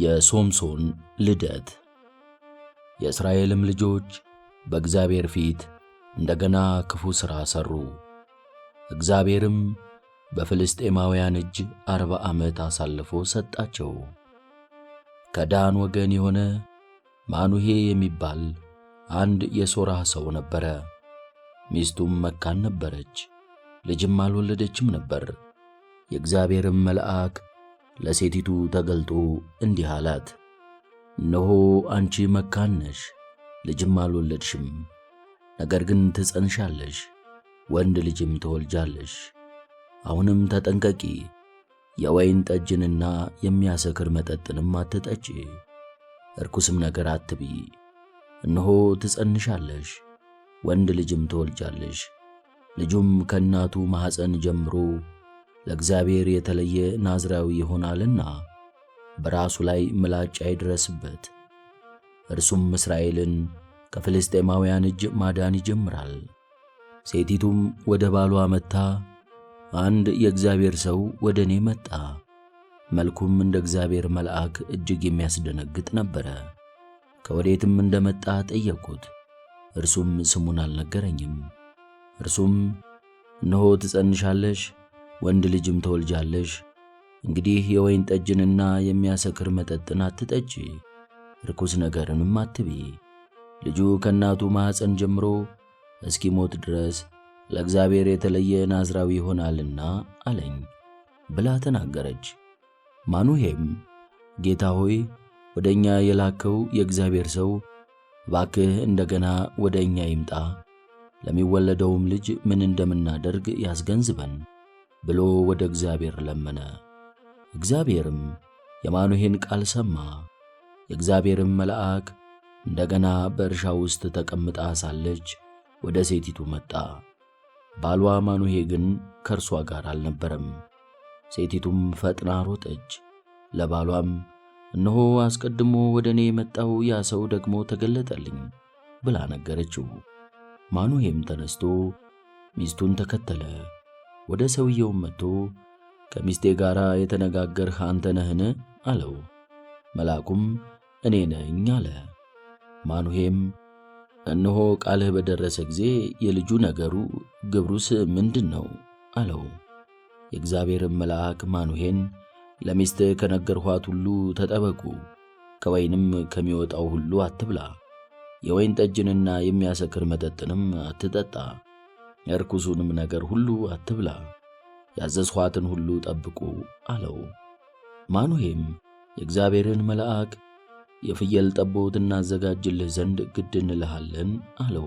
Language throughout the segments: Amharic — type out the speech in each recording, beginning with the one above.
የሶምሶን ልደት። የእስራኤልም ልጆች በእግዚአብሔር ፊት እንደገና ክፉ ሥራ ሠሩ። እግዚአብሔርም በፍልስጤማውያን እጅ አርባ ዓመት አሳልፎ ሰጣቸው። ከዳን ወገን የሆነ ማኑሄ የሚባል አንድ የሶራ ሰው ነበረ። ሚስቱም መካን ነበረች፣ ልጅም አልወለደችም ነበር። የእግዚአብሔርም መልአክ ለሴቲቱ ተገልጦ እንዲህ አላት፣ እነሆ አንቺ መካን ነሽ፣ ልጅም አልወለድሽም። ነገር ግን ትጸንሻለሽ፣ ወንድ ልጅም ትወልጃለሽ። አሁንም ተጠንቀቂ፣ የወይን ጠጅንና የሚያሰክር መጠጥንም አትጠጪ፣ እርኩስም ነገር አትብዪ። እነሆ ትጸንሻለሽ፣ ወንድ ልጅም ትወልጃለሽ። ልጁም ከእናቱ ማኅፀን ጀምሮ ለእግዚአብሔር የተለየ ናዝራዊ ይሆናልና በራሱ ላይ ምላጭ አይድረስበት። እርሱም እስራኤልን ከፍልስጤማውያን እጅ ማዳን ይጀምራል። ሴቲቱም ወደ ባሏ መጥታ አንድ የእግዚአብሔር ሰው ወደ እኔ መጣ፣ መልኩም እንደ እግዚአብሔር መልአክ እጅግ የሚያስደነግጥ ነበረ። ከወዴትም እንደ መጣ ጠየቅሁት፣ እርሱም ስሙን አልነገረኝም። እርሱም እነሆ ትጸንሻለሽ ወንድ ልጅም ተወልጃለሽ። እንግዲህ የወይን ጠጅንና የሚያሰክር መጠጥን አትጠጪ፣ ርኩስ ነገርንም አትቢ ልጁ ከእናቱ ማኅፀን ጀምሮ እስኪሞት ድረስ ለእግዚአብሔር የተለየ ናዝራዊ ይሆናልና አለኝ ብላ ተናገረች። ማኑሄም ጌታ ሆይ ወደ እኛ የላከው የእግዚአብሔር ሰው እባክህ እንደገና ወደ እኛ ይምጣ፣ ለሚወለደውም ልጅ ምን እንደምናደርግ ያስገንዝበን ብሎ ወደ እግዚአብሔር ለመነ። እግዚአብሔርም የማኑሄን ቃል ሰማ። የእግዚአብሔርም መልአክ እንደገና በእርሻ ውስጥ ተቀምጣ ሳለች ወደ ሴቲቱ መጣ። ባሏ ማኑሄ ግን ከእርሷ ጋር አልነበረም። ሴቲቱም ፈጥና ሮጠች፣ ለባሏም እነሆ አስቀድሞ ወደ እኔ የመጣው ያ ሰው ደግሞ ተገለጠልኝ ብላ ነገረችው። ማኑሄም ተነስቶ ሚስቱን ተከተለ። ወደ ሰውየውም መጥቶ ከሚስቴ ጋር የተነጋገርህ አንተ ነህን? አለው። መልአኩም እኔ ነኝ አለ። ማኑሄም እነሆ ቃልህ በደረሰ ጊዜ የልጁ ነገሩ ግብሩስ ምንድን ነው? አለው። የእግዚአብሔርም መልአክ ማኑሄን ለሚስት ከነገርኋት ሁሉ ተጠበቁ፣ ከወይንም ከሚወጣው ሁሉ አትብላ፣ የወይን ጠጅንና የሚያሰክር መጠጥንም አትጠጣ የርኩሱንም ነገር ሁሉ አትብላ፣ ያዘዝኋትን ሁሉ ጠብቁ አለው። ማኑሄም የእግዚአብሔርን መልአክ የፍየል ጠቦት እናዘጋጅልህ ዘንድ ግድ እንልሃለን አለው።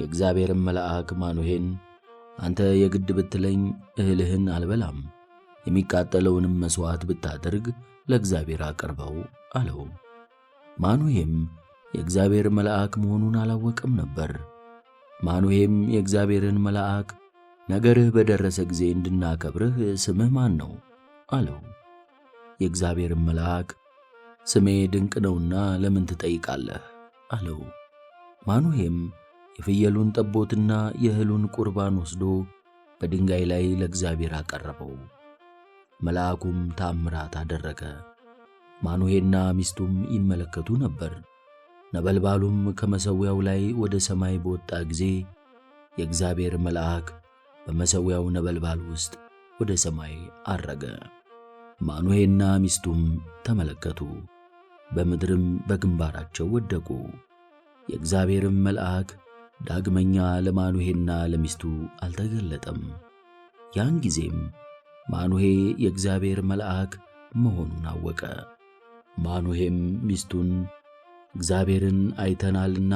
የእግዚአብሔርን መልአክ ማኑሄን አንተ የግድ ብትለኝ እህልህን አልበላም፣ የሚቃጠለውንም መሥዋዕት ብታደርግ ለእግዚአብሔር አቅርበው አለው። ማኑሄም የእግዚአብሔር መልአክ መሆኑን አላወቅም ነበር። ማኑሄም የእግዚአብሔርን መልአክ ነገርህ በደረሰ ጊዜ እንድናከብርህ ስምህ ማን ነው አለው። የእግዚአብሔርን መልአክ ስሜ ድንቅ ነውና ለምን ትጠይቃለህ አለው። ማኑሄም የፍየሉን ጠቦትና የእህሉን ቁርባን ወስዶ በድንጋይ ላይ ለእግዚአብሔር አቀረበው። መልአኩም ታምራት አደረገ። ማኑሄና ሚስቱም ይመለከቱ ነበር። ነበልባሉም ከመሠዊያው ላይ ወደ ሰማይ በወጣ ጊዜ የእግዚአብሔር መልአክ በመሠዊያው ነበልባል ውስጥ ወደ ሰማይ አረገ። ማኑሄና ሚስቱም ተመለከቱ፣ በምድርም በግንባራቸው ወደቁ። የእግዚአብሔርም መልአክ ዳግመኛ ለማኑሄና ለሚስቱ አልተገለጠም። ያን ጊዜም ማኑሄ የእግዚአብሔር መልአክ መሆኑን አወቀ። ማኑሄም ሚስቱን እግዚአብሔርን አይተናልና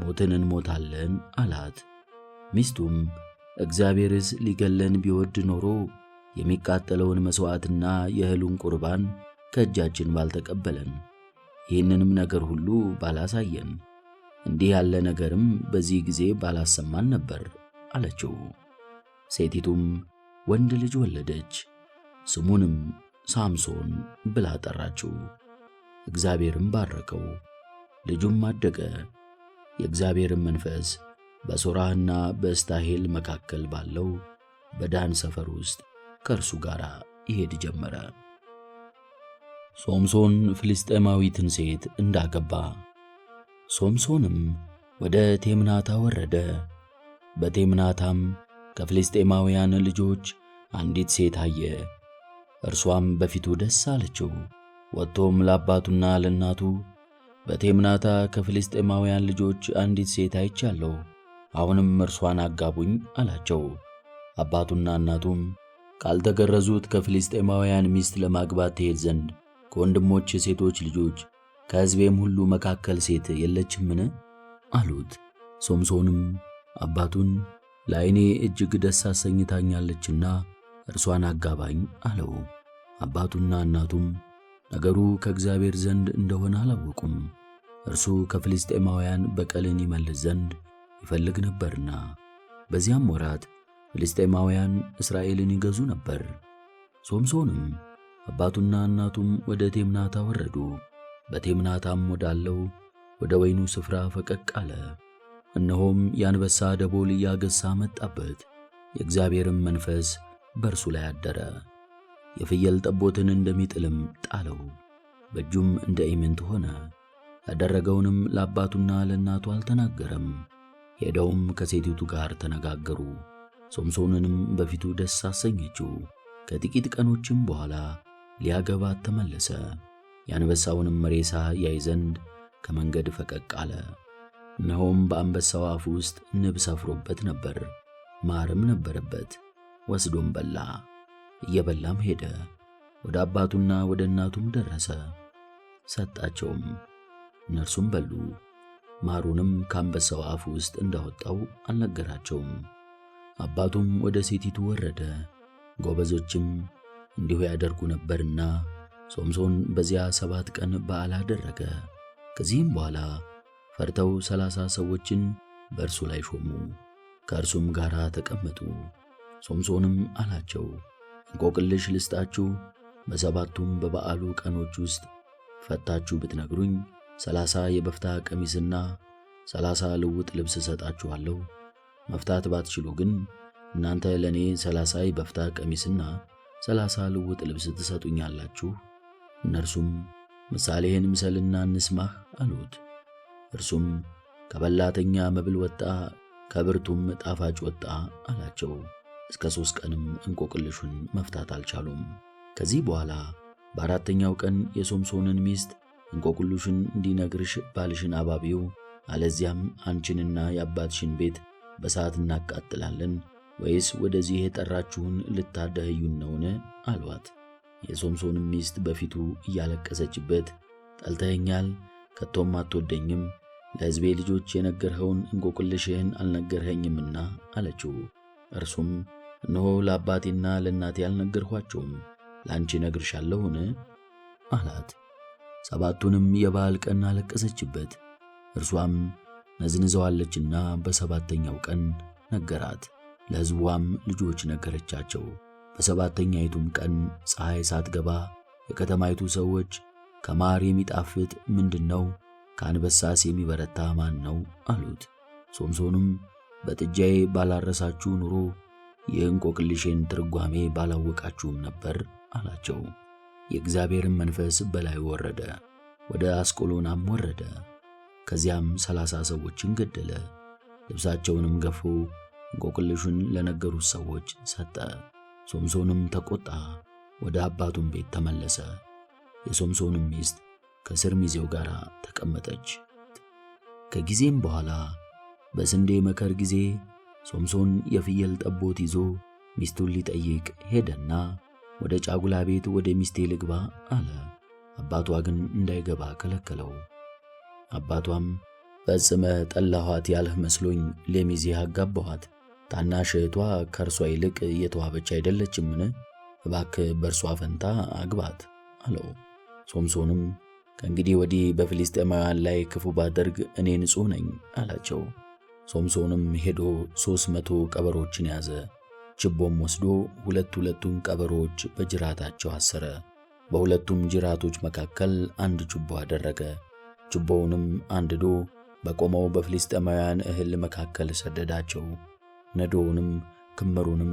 ሞትን እንሞታለን አላት። ሚስቱም እግዚአብሔርስ ሊገለን ቢወድ ኖሮ የሚቃጠለውን መሥዋዕትና የእህሉን ቁርባን ከእጃችን ባልተቀበለን፣ ይህንንም ነገር ሁሉ ባላሳየን፣ እንዲህ ያለ ነገርም በዚህ ጊዜ ባላሰማን ነበር አለችው። ሴቲቱም ወንድ ልጅ ወለደች፣ ስሙንም ሳምሶን ብላ ጠራችው። እግዚአብሔርም ባረከው። ልጁም አደገ። የእግዚአብሔርን መንፈስ በሶራህና በእስታሄል መካከል ባለው በዳን ሰፈር ውስጥ ከእርሱ ጋር ይሄድ ጀመረ። ሶምሶን ፍልስጤማዊትን ሴት እንዳገባ። ሶምሶንም ወደ ቴምናታ ወረደ። በቴምናታም ከፍልስጤማውያን ልጆች አንዲት ሴት አየ። እርሷም በፊቱ ደስ አለችው። ወጥቶም ለአባቱና ለእናቱ በቴምናታ ከፍልስጤማውያን ልጆች አንዲት ሴት አይቻለሁ፣ አሁንም እርሷን አጋቡኝ አላቸው። አባቱና እናቱም ካልተገረዙት ከፍልስጤማውያን ሚስት ለማግባት ትሄድ ዘንድ ከወንድሞች ሴቶች ልጆች ከሕዝቤም ሁሉ መካከል ሴት የለችምን አሉት። ሶምሶንም አባቱን ለዐይኔ እጅግ ደስ አሰኝታኛለችና እርሷን አጋባኝ አለው። አባቱና እናቱም ነገሩ ከእግዚአብሔር ዘንድ እንደሆነ አላወቁም። እርሱ ከፍልስጤማውያን በቀልን ይመልስ ዘንድ ይፈልግ ነበርና። በዚያም ወራት ፍልስጤማውያን እስራኤልን ይገዙ ነበር። ሶምሶንም አባቱና እናቱም ወደ ቴምናታ ወረዱ። በቴምናታም ወዳለው ወደ ወይኑ ስፍራ ፈቀቅ አለ። እነሆም የአንበሳ ደቦል እያገሣ መጣበት። የእግዚአብሔርም መንፈስ በእርሱ ላይ አደረ። የፍየል ጠቦትን እንደሚጥልም ጣለው። በእጁም እንደ ኢምንት ሆነ። ያደረገውንም ለአባቱና ለእናቱ አልተናገረም። ሄደውም ከሴቲቱ ጋር ተነጋገሩ። ሶምሶንንም በፊቱ ደስ አሰኘችው። ከጥቂት ቀኖችም በኋላ ሊያገባት ተመለሰ። የአንበሳውንም ሬሳ ያይ ዘንድ ከመንገድ ፈቀቅ አለ። እነሆም በአንበሳው አፍ ውስጥ ንብ ሰፍሮበት ነበር፣ ማርም ነበረበት። ወስዶም በላ። እየበላም ሄደ። ወደ አባቱና ወደ እናቱም ደረሰ፣ ሰጣቸውም፣ እነርሱም በሉ። ማሩንም ከአንበሳው አፍ ውስጥ እንዳወጣው አልነገራቸውም። አባቱም ወደ ሴቲቱ ወረደ፣ ጎበዞችም እንዲሁ ያደርጉ ነበርና ሶምሶን በዚያ ሰባት ቀን በዓል አደረገ። ከዚህም በኋላ ፈርተው ሰላሳ ሰዎችን በእርሱ ላይ ሾሙ፣ ከእርሱም ጋር ተቀመጡ። ሶምሶንም አላቸው እንቆቅልሽ ልስጣችሁ፣ በሰባቱም በበዓሉ ቀኖች ውስጥ ፈታችሁ ብትነግሩኝ ሰላሳ የበፍታ ቀሚስና ሰላሳ ልውጥ ልብስ እሰጣችኋለሁ። መፍታት ባትችሉ ግን እናንተ ለእኔ ሰላሳ የበፍታ ቀሚስና ሰላሳ ልውጥ ልብስ ትሰጡኛላችሁ። እነርሱም ምሳሌህን ምሰልና እንስማህ አሉት። እርሱም ከበላተኛ መብል ወጣ፣ ከብርቱም ጣፋጭ ወጣ አላቸው። እስከ ሦስት ቀንም እንቆቅልሹን መፍታት አልቻሉም። ከዚህ በኋላ በአራተኛው ቀን የሶምሶንን ሚስት እንቆቅልሹን እንዲነግርሽ ባልሽን አባቢው፣ አለዚያም አንቺንና የአባትሽን ቤት በሰዓት እናቃጥላለን ወይስ ወደዚህ የጠራችሁን ልታደህዩን ነውን? አሏት። የሶምሶንም ሚስት በፊቱ እያለቀሰችበት ጠልተኸኛል፣ ከቶም አትወደኝም፣ ለሕዝቤ ልጆች የነገርኸውን እንቆቅልሽህን አልነገርኸኝምና አለችው። እርሱም እነሆ ለአባቴና ለእናቴ አልነገርኋቸውም፣ ለአንቺ እነግርሻለሁን አላት። ሰባቱንም የበዓል ቀን አለቀሰችበት። እርሷም ነዝንዘዋለችና በሰባተኛው ቀን ነገራት። ለሕዝቧም ልጆች ነገረቻቸው። በሰባተኛይቱም ቀን ፀሐይ ሳትገባ የከተማይቱ ሰዎች ከማር የሚጣፍጥ ምንድን ነው? ከአንበሳስ የሚበረታ ማን ነው? አሉት። ሶምሶንም በጥጃዬ ባላረሳችሁ ኑሮ የእንቆቅልሽን ትርጓሜ ባላወቃችሁም ነበር አላቸው። የእግዚአብሔርን መንፈስ በላይ ወረደ፣ ወደ አስቆሎናም ወረደ። ከዚያም ሰላሳ ሰዎችን ገደለ። ልብሳቸውንም ገፎ እንቆቅልሹን ለነገሩት ሰዎች ሰጠ። ሶምሶንም ተቆጣ፣ ወደ አባቱም ቤት ተመለሰ። የሶምሶንም ሚስት ከስር ሚዜው ጋር ተቀመጠች። ከጊዜም በኋላ በስንዴ መከር ጊዜ ሶምሶን የፍየል ጠቦት ይዞ ሚስቱን ሊጠይቅ ሄደና ወደ ጫጉላ ቤት ወደ ሚስቴ ልግባ አለ። አባቷ ግን እንዳይገባ ከለከለው። አባቷም ፈጽመ ጠላኋት ያልህ መስሎኝ ለሚዜ አጋባኋት። ታናሽ እህቷ ከእርሷ ይልቅ የተዋበች አይደለችምን? እባክ በእርሷ ፈንታ አግባት አለው። ሶምሶንም ከእንግዲህ ወዲህ በፊልስጤማውያን ላይ ክፉ ባደርግ እኔ ንጹሕ ነኝ አላቸው። ሶምሶንም ሄዶ ሦስት መቶ ቀበሮችን ያዘ። ችቦም ወስዶ ሁለት ሁለቱን ቀበሮዎች በጅራታቸው አሰረ። በሁለቱም ጅራቶች መካከል አንድ ችቦ አደረገ። ችቦውንም አንድዶ በቆመው በፍልስጥኤማውያን እህል መካከል ሰደዳቸው። ነዶውንም ክምሩንም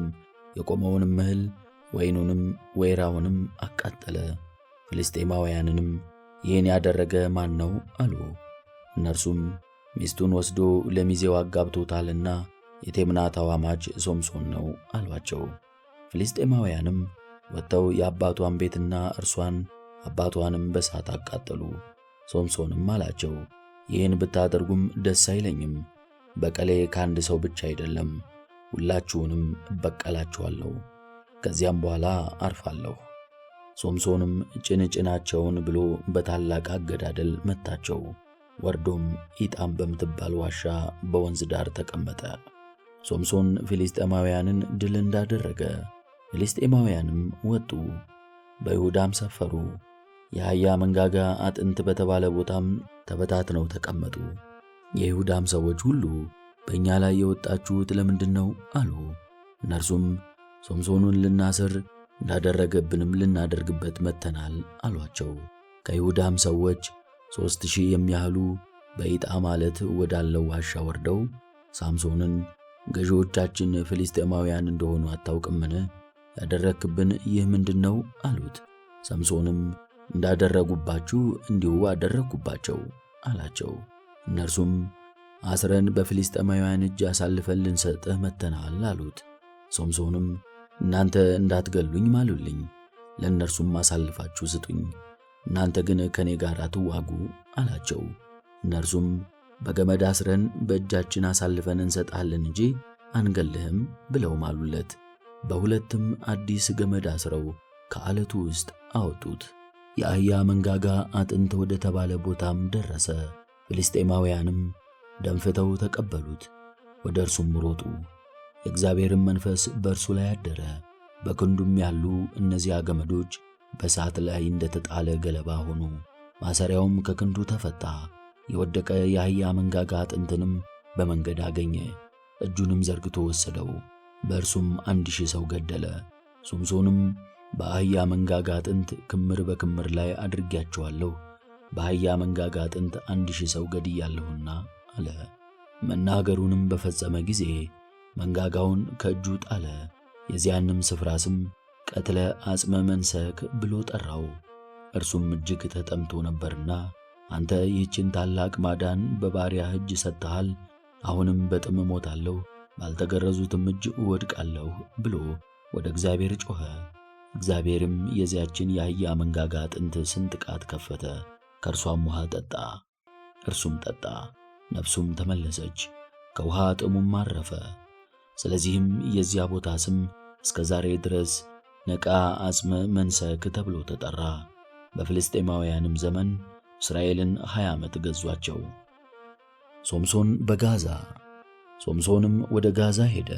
የቆመውንም እህል ወይኑንም ወይራውንም አቃጠለ። ፍልስጤማውያንንም ይህን ያደረገ ማን ነው አሉ። እነርሱም ሚስቱን ወስዶ ለሚዜው አጋብቶታልና የቴምና ተዋማጅ ሶምሶን ነው አሏቸው። ፍልስጤማውያንም ወጥተው የአባቷን ቤትና እርሷን አባቷንም በሳት አቃጠሉ። ሶምሶንም አላቸው፣ ይህን ብታደርጉም ደስ አይለኝም። በቀሌ ከአንድ ሰው ብቻ አይደለም፣ ሁላችሁንም እበቀላችኋለሁ። ከዚያም በኋላ አርፋለሁ። ሶምሶንም ጭንጭናቸውን ብሎ በታላቅ አገዳደል መታቸው። ወርዶም ኢጣም በምትባል ዋሻ በወንዝ ዳር ተቀመጠ። ሶምሶን ፊልስጤማውያንን ድል እንዳደረገ ፊልስጤማውያንም ወጡ፣ በይሁዳም ሰፈሩ። የአህያ መንጋጋ አጥንት በተባለ ቦታም ተበታትነው ተቀመጡ። የይሁዳም ሰዎች ሁሉ በእኛ ላይ የወጣችሁት ለምንድን ነው አሉ። እነርሱም ሶምሶኑን ልናስር እንዳደረገብንም ልናደርግበት መጥተናል አሏቸው። ከይሁዳም ሰዎች ሦስት ሺህ የሚያህሉ በኢጣ ማለት ወዳለው ዋሻ ወርደው ሳምሶንን ገዢዎቻችን ፍልስጤማውያን እንደሆኑ አታውቅምን? ያደረክብን ይህ ምንድን ነው አሉት። ሳምሶንም እንዳደረጉባችሁ እንዲሁ አደረግኩባቸው አላቸው። እነርሱም አስረን በፍልስጤማውያን እጅ አሳልፈን ልንሰጥህ መተናል አሉት። ሳምሶንም እናንተ እንዳትገሉኝ ማሉልኝ፣ ለእነርሱም አሳልፋችሁ ስጡኝ እናንተ ግን ከእኔ ጋር አትዋጉ አላቸው። እነርሱም በገመድ አስረን በእጃችን አሳልፈን እንሰጣለን እንጂ አንገልህም ብለው ማሉለት። በሁለትም አዲስ ገመድ አስረው ከዓለቱ ውስጥ አወጡት። የአህያ መንጋጋ አጥንት ወደ ተባለ ቦታም ደረሰ። ፍልስጤማውያንም ደንፍተው ተቀበሉት፣ ወደ እርሱም ሮጡ። የእግዚአብሔርም መንፈስ በእርሱ ላይ አደረ። በክንዱም ያሉ እነዚያ ገመዶች በእሳት ላይ እንደተጣለ ገለባ ሆኖ ማሰሪያውም ከክንዱ ተፈታ። የወደቀ የአህያ መንጋጋ አጥንትንም በመንገድ አገኘ። እጁንም ዘርግቶ ወሰደው፣ በእርሱም አንድ ሺህ ሰው ገደለ። ሶምሶንም በአህያ መንጋጋ አጥንት ክምር በክምር ላይ አድርጌያቸዋለሁ፣ በአህያ መንጋጋ አጥንት አንድ ሺህ ሰው ገድያለሁና አለ። መናገሩንም በፈጸመ ጊዜ መንጋጋውን ከእጁ ጣለ። የዚያንም ስፍራ ስም ቀትለ አጽመ መንሰክ ብሎ ጠራው። እርሱም እጅግ ተጠምቶ ነበርና አንተ ይህችን ታላቅ ማዳን በባሪያህ እጅ ሰጥተሃል፣ አሁንም በጥም እሞታለሁ፣ ባልተገረዙትም እጅ እወድቃለሁ ብሎ ወደ እግዚአብሔር ጮኸ። እግዚአብሔርም የዚያችን የአህያ መንጋጋ አጥንት ስንጥቃት ከፈተ፣ ከእርሷም ውሃ ጠጣ። እርሱም ጠጣ፣ ነፍሱም ተመለሰች፣ ከውሃ ጥሙም አረፈ። ስለዚህም የዚያ ቦታ ስም እስከ ዛሬ ድረስ ነቃ አጽመ መንሰክ ተብሎ ተጠራ። በፍልስጤማውያንም ዘመን እስራኤልን 20 ዓመት ገዟቸው። ሶምሶን በጋዛ ሶምሶንም ወደ ጋዛ ሄደ።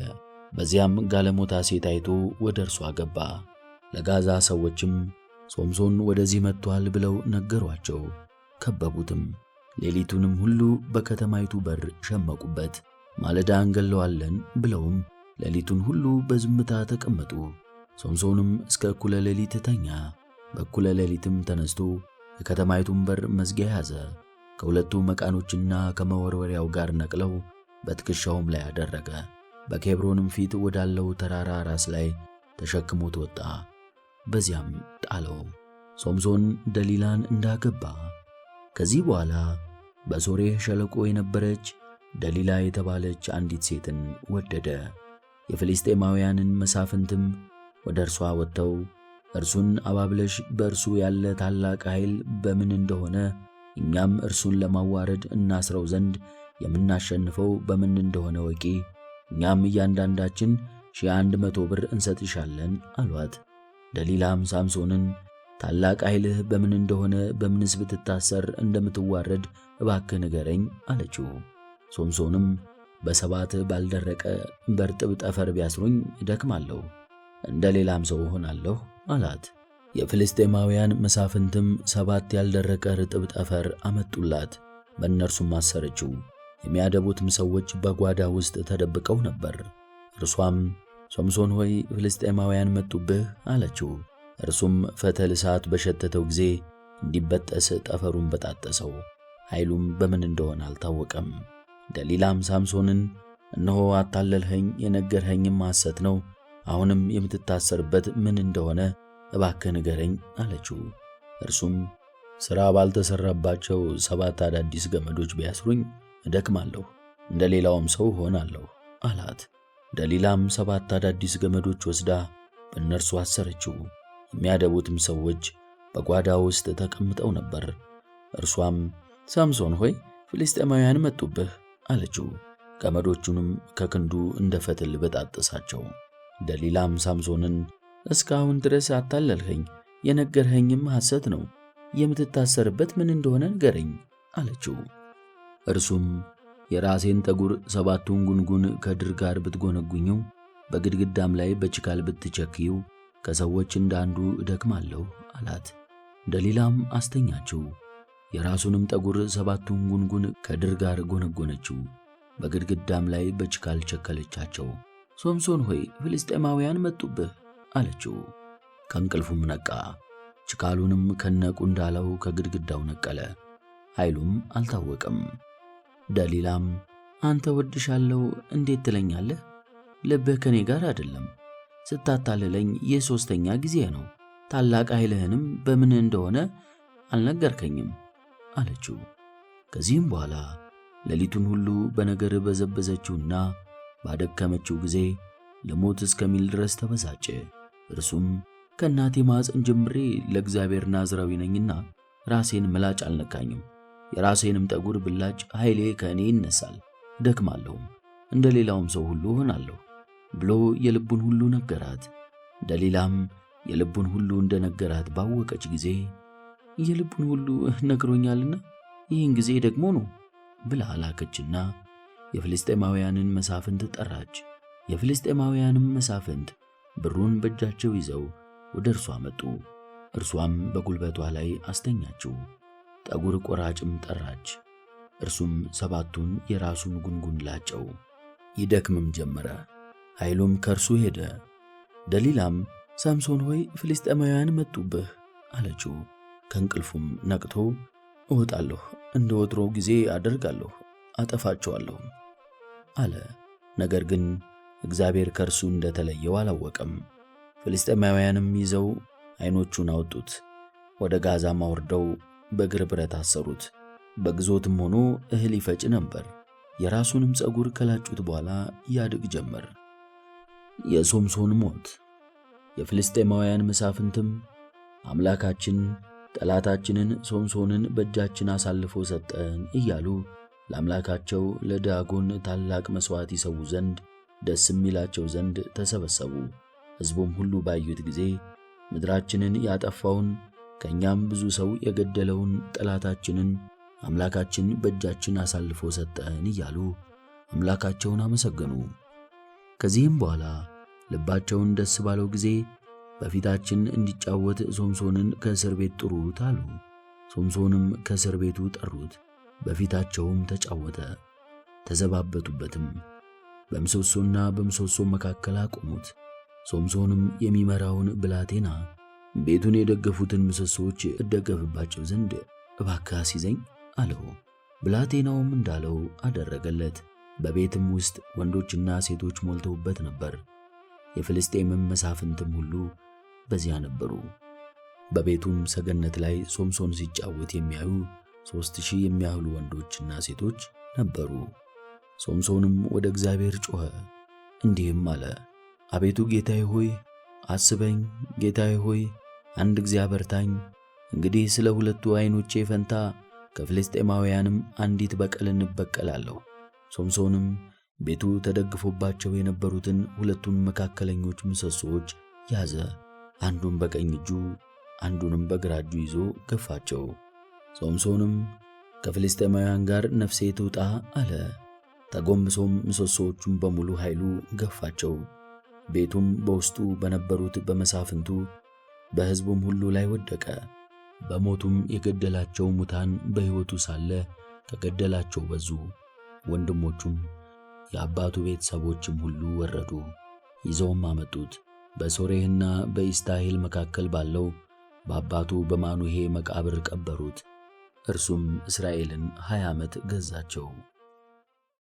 በዚያም ጋለሞታ ሴት አይቶ ወደ እርሷ ገባ። ለጋዛ ሰዎችም ሶምሶን ወደዚህ መጥቷል ብለው ነገሯቸው። ከበቡትም። ሌሊቱንም ሁሉ በከተማይቱ በር ሸመቁበት። ማለዳ እንገለዋለን ብለውም ሌሊቱን ሁሉ በዝምታ ተቀመጡ። ሶምሶንም እስከ እኩለ ሌሊት ተኛ። በእኩለ ሌሊትም ተነስቶ የከተማይቱን በር መዝጊያ ያዘ። ከሁለቱ መቃኖችና ከመወርወሪያው ጋር ነቅለው በትከሻውም ላይ አደረገ። በኬብሮንም ፊት ወዳለው ተራራ ራስ ላይ ተሸክሞት ወጣ። በዚያም ጣለው። ሶምሶን ደሊላን እንዳገባ። ከዚህ በኋላ በሶሬ ሸለቆ የነበረች ደሊላ የተባለች አንዲት ሴትን ወደደ። የፍልስጤማውያንን መሳፍንትም ወደ እርሷ ወጥተው እርሱን አባብለሽ በእርሱ ያለ ታላቅ ኃይል በምን እንደሆነ እኛም እርሱን ለማዋረድ እናስረው ዘንድ የምናሸንፈው በምን እንደሆነ ወቂ፣ እኛም እያንዳንዳችን ሺህ አንድ መቶ ብር እንሰጥሻለን አሏት። ደሊላም ሳምሶንን ታላቅ ኃይልህ በምን እንደሆነ በምንስ ብትታሰር እንደምትዋረድ እባክህ ንገረኝ አለችው። ሶምሶንም በሰባት ባልደረቀ በርጥብ ጠፈር ቢያስሩኝ እደክማለሁ እንደ ሌላም ሰው እሆናለሁ አላት። የፍልስጤማውያን መሳፍንትም ሰባት ያልደረቀ ርጥብ ጠፈር አመጡላት፣ በእነርሱም አሰረችው። የሚያደቡትም ሰዎች በጓዳ ውስጥ ተደብቀው ነበር። እርሷም ሶምሶን ሆይ ፍልስጤማውያን መጡብህ አለችው። እርሱም ፈተል እሳት በሸተተው ጊዜ እንዲበጠስ ጠፈሩን በጣጠሰው። ኃይሉም በምን እንደሆነ አልታወቀም። ደሊላም ሳምሶንን እነሆ አታለልኸኝ፣ የነገርኸኝም ሐሰት ነው አሁንም የምትታሰርበት ምን እንደሆነ እባክህ ንገረኝ አለችው። እርሱም ሥራ ባልተሠራባቸው ሰባት አዳዲስ ገመዶች ቢያስሩኝ እደክማለሁ፣ እንደ ሌላውም ሰው ሆናለሁ አላት። ደሊላም ሰባት አዳዲስ ገመዶች ወስዳ በእነርሱ አሰረችው። የሚያደቡትም ሰዎች በጓዳ ውስጥ ተቀምጠው ነበር። እርሷም ሳምሶን ሆይ ፍልስጤማውያን መጡብህ አለችው። ገመዶቹንም ከክንዱ እንደ ፈትል በጣጠሳቸው። ደሊላም ሳምሶንን እስካሁን ድረስ አታለልኸኝ፣ የነገርኸኝም ሐሰት ነው፣ የምትታሰርበት ምን እንደሆነ ንገረኝ አለችው። እርሱም የራሴን ጠጉር ሰባቱን ጉንጉን ከድር ጋር ብትጎነጉኝው፣ በግድግዳም ላይ በችካል ብትቸክይው ከሰዎች እንደ አንዱ እደክማለሁ አላት። ደሊላም አስተኛችው። የራሱንም ጠጉር ሰባቱን ጉንጉን ከድር ጋር ጎነጎነችው፣ በግድግዳም ላይ በችካል ቸከለቻቸው። ሶምሶን ሆይ ፍልስጤማውያን መጡብህ አለችው። ከእንቅልፉም ነቃ፣ ችካሉንም ከነቁ እንዳለው ከግድግዳው ነቀለ። ኃይሉም አልታወቀም። ደሊላም አንተ ወድሻለሁ እንዴት ትለኛለህ? ልብህ ከኔ ጋር አይደለም። ስታታልለኝ ይህ ጊዜ ነው። ታላቅ ኃይልህንም በምን እንደሆነ አልነገርከኝም አለችው። ከዚህም በኋላ ሌሊቱን ሁሉ በነገር በዘበዘችውና ባደከመችው ጊዜ ለሞት እስከሚል ድረስ ተበሳጨ። እርሱም ከእናቴ ማኅፀን ጀምሬ ለእግዚአብሔር ናዝራዊ ነኝና ራሴን ምላጭ አልነካኝም፣ የራሴንም ጠጉር ብላጭ ኃይሌ ከእኔ ይነሳል፣ ደክማለሁም፣ እንደ ሌላውም ሰው ሁሉ ሆናለሁ ብሎ የልቡን ሁሉ ነገራት። ደሊላም የልቡን ሁሉ እንደነገራት ባወቀች ጊዜ የልቡን ሁሉ ነግሮኛልና ይህን ጊዜ ደግሞ ነው ብላ አላከችና የፍልስጤማውያንን መሳፍንት ጠራች። የፍልስጤማውያንም መሳፍንት ብሩን በእጃቸው ይዘው ወደ እርሷ መጡ። እርሷም በጉልበቷ ላይ አስተኛችው። ጠጉር ቆራጭም ጠራች። እርሱም ሰባቱን የራሱን ጉንጉን ላጨው። ይደክምም ጀመረ፣ ኃይሉም ከእርሱ ሄደ። ደሊላም ሳምሶን ሆይ ፍልስጤማውያን መጡብህ አለችው። ከእንቅልፉም ነቅቶ እወጣለሁ፣ እንደ ወጥሮ ጊዜ አደርጋለሁ፣ አጠፋቸዋለሁም አለ። ነገር ግን እግዚአብሔር ከእርሱ እንደተለየው አላወቀም። ፍልስጤማውያንም ይዘው አይኖቹን አወጡት፣ ወደ ጋዛም አውርደው በእግር ብረት አሰሩት። በግዞትም ሆኖ እህል ይፈጭ ነበር። የራሱንም ፀጉር ከላጩት በኋላ ያድግ ጀመር። የሶምሶን ሞት። የፍልስጤማውያን መሳፍንትም አምላካችን ጠላታችንን ሶምሶንን በእጃችን አሳልፎ ሰጠን እያሉ ለአምላካቸው ለዳጎን ታላቅ መሥዋዕት ይሰዉ ዘንድ ደስ የሚላቸው ዘንድ ተሰበሰቡ። ሕዝቡም ሁሉ ባዩት ጊዜ ምድራችንን ያጠፋውን ከእኛም ብዙ ሰው የገደለውን ጠላታችንን አምላካችን በእጃችን አሳልፎ ሰጠን እያሉ አምላካቸውን አመሰገኑ። ከዚህም በኋላ ልባቸውን ደስ ባለው ጊዜ በፊታችን እንዲጫወት ሶምሶንን ከእስር ቤት ጥሩት አሉ። ሶምሶንም ከእስር ቤቱ ጠሩት። በፊታቸውም ተጫወተ፣ ተዘባበቱበትም። በምሰሶና በምሰሶ መካከል አቆሙት። ሶምሶንም የሚመራውን ብላቴና ቤቱን የደገፉትን ምሰሶዎች እደገፍባቸው ዘንድ እባክህ አስይዘኝ አለው። ብላቴናውም እንዳለው አደረገለት። በቤትም ውስጥ ወንዶችና ሴቶች ሞልተውበት ነበር። የፍልስጤምም መሳፍንትም ሁሉ በዚያ ነበሩ። በቤቱም ሰገነት ላይ ሶምሶን ሲጫወት የሚያዩ ሦስት ሺህ የሚያህሉ ወንዶችና ሴቶች ነበሩ። ሶምሶንም ወደ እግዚአብሔር ጮኸ፣ እንዲህም አለ፣ አቤቱ ጌታዬ ሆይ አስበኝ፣ ጌታዬ ሆይ አንድ ጊዜ አበርታኝ። እንግዲህ ስለ ሁለቱ ዐይኖቼ ፈንታ ከፍልስጤማውያንም አንዲት በቀል እንበቀላለሁ። ሶምሶንም ቤቱ ተደግፎባቸው የነበሩትን ሁለቱን መካከለኞች ምሰሶዎች ያዘ፣ አንዱን በቀኝ እጁ አንዱንም በግራ እጁ ይዞ ገፋቸው። ሶምሶንም ከፍልስጤማውያን ጋር ነፍሴ ትውጣ አለ። ተጎንብሶም ምሰሶዎቹን በሙሉ ኃይሉ ገፋቸው። ቤቱም በውስጡ በነበሩት በመሳፍንቱ በሕዝቡም ሁሉ ላይ ወደቀ። በሞቱም የገደላቸው ሙታን በሕይወቱ ሳለ ከገደላቸው በዙ። ወንድሞቹም የአባቱ ቤተሰቦችም ሁሉ ወረዱ፣ ይዘውም አመጡት። በሶሬህና በኢስታሄል መካከል ባለው በአባቱ በማኑሄ መቃብር ቀበሩት። እርሱም እስራኤልን ሀያ ዓመት ገዛቸው።